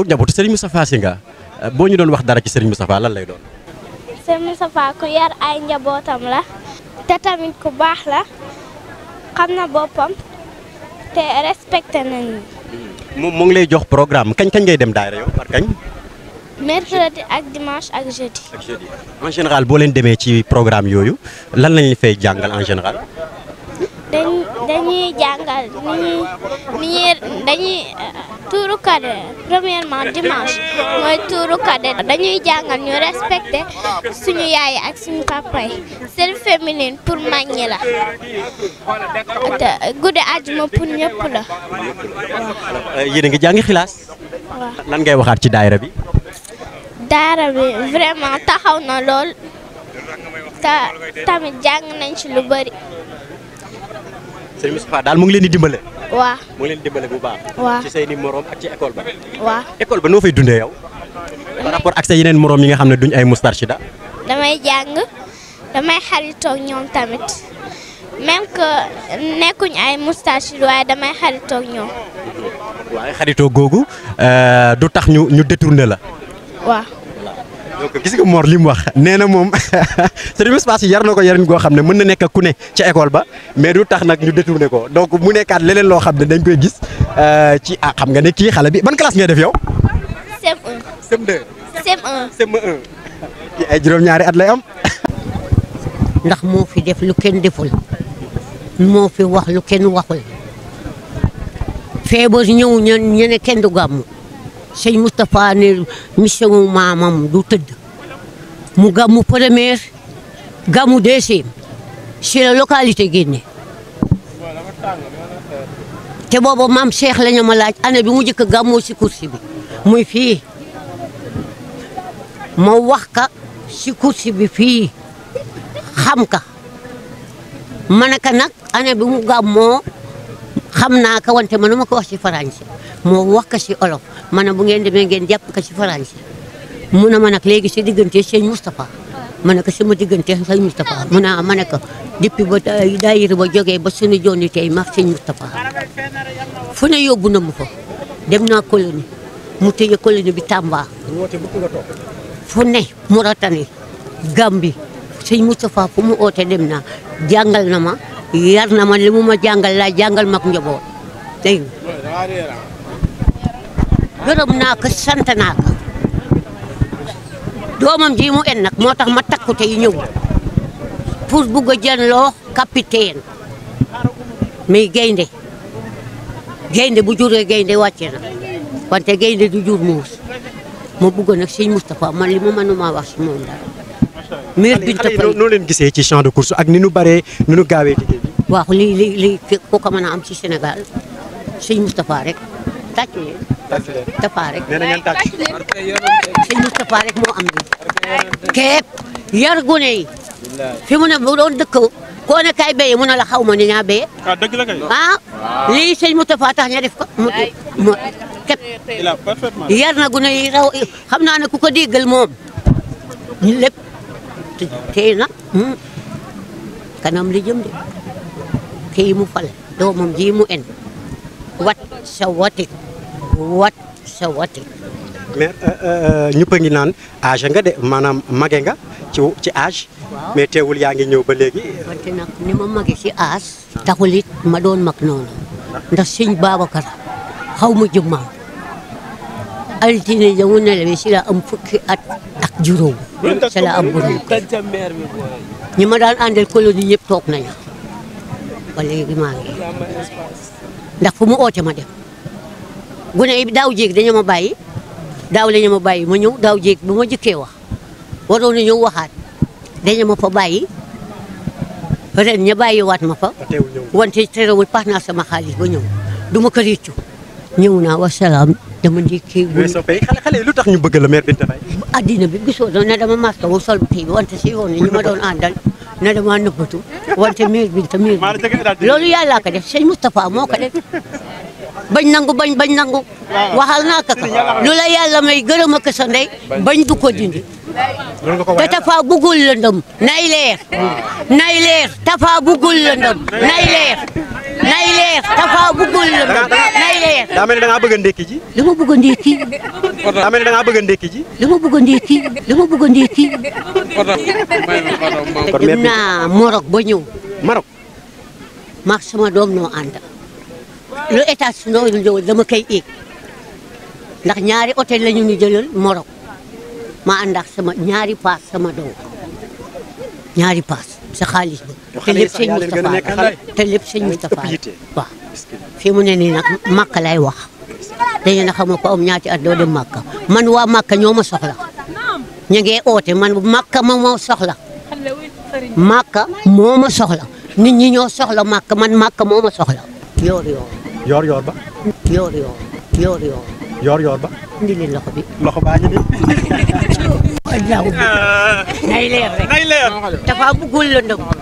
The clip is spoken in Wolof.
ko oh, njabootu Serigne Moustapha si nga eh, boo ñu doon wax dara ci Serigne Moustapha lan lay doon. Serigne Moustapha ku yar ay njabootam la. te tamit ku baax la xam na boppam te respecté nañu. Hmm. moom mu ngi lay jox programme kañ kañ ngay dem daayira yow par kañ. mercredi ak dimanche ak jeudi. en général boo leen demee ci programme yooyu lan lañ fay jàngal en général. dañuy jàngal ni ñuy dañuy tuuru kade premièrement dimanche mooy tuuru kade dañuy jàngal ñu respecté suñu yaay ak suñu papa seen féminine pour mag la te guddi àjjuma pour ñëpp la waaw. Euh, ngi jàngi xilaas. waaw ngay waxaat ci daayira bi. daara bi vraiment taxaw na lool te tamit jàng nañ ci lu bëri. daal mu ngi leen di dimbale. waa mu leen dimbale bu baax. waaw ci seeni morom ak ci école ba. waaw école ba noo fay dundee yow. par rapport ak sa yeneen moroom yi nga xam ne duñ ay mustarshida. damay jàng damay xaritoog ñoom waaye damay xaritoo googu euh, du tax ñu ñu détourné la. waaw. donc gis nga Mor li mu wax nee na moom sëriñ espace yar na ko yarin goo xam ne mën na nekk ku ne ca école ba mais du tax nag ñu détourné ko donc mu nekkaat leneen loo xam ne dañ koy gis euh, ci ah xam nga ne kii xale bi ban classe ngay def yow. CM1. CM2. cm ay juróom-ñaari at lay am. ndax moo fi def lu kenn deful moo fi wax lu kenn waxul feebar ñëw ñeneen kenn du gàmmu sëñ Moustapha ne mission wu maamam du tëdd mu gàmmu première gàmmu deuxième si la localité génne te booba mam Cheikh la ñu ma laaj année bi mu njëkk a gàmmoo si kursi bi muy fii ma wax ka si bi fii xam ka ma ne ka nag année bi xam naa ka wante mënu ma ko wax ci français moo wax ko ci olof ma ne bu ngeen demee ngeen jàpp ko ci français mun ne ma nag léegi si diggante sëñ Moustapha ma ne ko ma diggante sëñ Moustapha mu ne ma ne ko depuis ba daayira ba jógee ba suñu jooni tey max sëñ Moustapha fu ne yóbbu na mu ko dem naa colonie mu tëye colonie bi Tamba fu ne Mauritanie Gambie sëñ Moustapha fu mu oote dem na jàngal na ma yar na ma li mu ma jàngal laa jàngal mag njaboot dégg nga gërëm naa ko sant naa doomam ji mu en nag moo tax ma takku tey ñëw pour bugg a jën loo capitaine mais gaynde gaynde bu juree gaynde wàcce na wante gaynde du jur muus ma bugg nag sëñ Moustapha man li ma mënuma wax si moom daal minute bi ñu topp noo leen gisee ci champ de course ak ni nu bëree ni nu gaawee liggéey bi. waaw lii lii lii ku ko mën a am ci Sénégal sëñ Moustapha rek tàcc leen. tàcc moo am lii. képp yar gune fi mu ne bu doon dëkk koo ne kay béyee mu ne la xaw ma ni ñaa béyee. ah dëgg la kay. Ah, lii sëñ Moustapha ña def ko mu mu yar na gune yi raw xam naa ne ku ko déggal moom te tey kanam li jëm de kii mu fal doomam ji mu en wat sa watik wat sa watik mais ñëpp a ngi naan âge nga de maanaam mage nga ci ci âge mais teewul yaa ngi ñëw ba léegi wante ni ma mage ci âge taxul it ma doon mag noonu ndax sëñ Babacar xaw ma jëmmaam altine ja mu ne la si la am fukki ak juróom si la am ñi ma daan àndal colonie ñëpp toog nañu ba léegi maa ngi ndax fu mu oote ma dem gune yi daaw jéeg dañu ma bàyyi daaw la ñu ma bàyyi ma ñëw daaw jéeg bu ma jëkkee wax waroon na ñëw waxaat dañu ma fa bàyyi ren ña bàyyiwaat ma fa wante terewul pax naa sama xaalis ba ñëw du ma ko réccu ñëw naa wasalaam dama njëkkee. weesoo pay xale xale lu tax ñu bëgg la mère Binta Faye. addina bi gisoo doon ne dama masque wu sol kii bi wante si yoon ñu ma doon àndal ne dama nëbbatu wante mère Binta mère Binta loolu yàlla ko def sëñ Moustapha moo ko def. bañ nangu bañ bañ nangu waxal naa ko lu la yàlla may gërëm ak sa bañ du ko dindi te tafa bëggul lëndëm hmm. nay leer nay leer tafa bëggul lëndëm nay leer tafa bëggul lëndëm daa da ngaa bëgg a ndékki ji. dama bëgg a ndékki. daa mel ni da ngaa bëgg a ndékki ji. dama bëgg a ndékki dama bëgg ba ñëw. Maroc. maak sama doom noo ànd. lu état su noo dama koy éeg ndax ñaari hôtel la ñu ñu jëlal Maroc ma ànd sama ñaari paas sama doom ñaari paas sa xaalis ba. te lépp sëñ Moustapha te lépp sëñ Moustapha waaw. fi mu ne nii nag Makka lay wax dañu ne xamoo ko am ñaati at doo dem Makka man waa Makka ñoo ma soxla ñu ngi oote man Makka ma moo soxla Makka moo ma soxla nit ñi ñoo soxla Makka man Makka moo ma soxla. yoor yoor. yoor yoor ba. yoor yoor. yoor yoor. yoor yoor ba. indi leen loxo bi. loxo baa ngi nii. nay leer rek. nay leer. dafa bëggul lëndëm.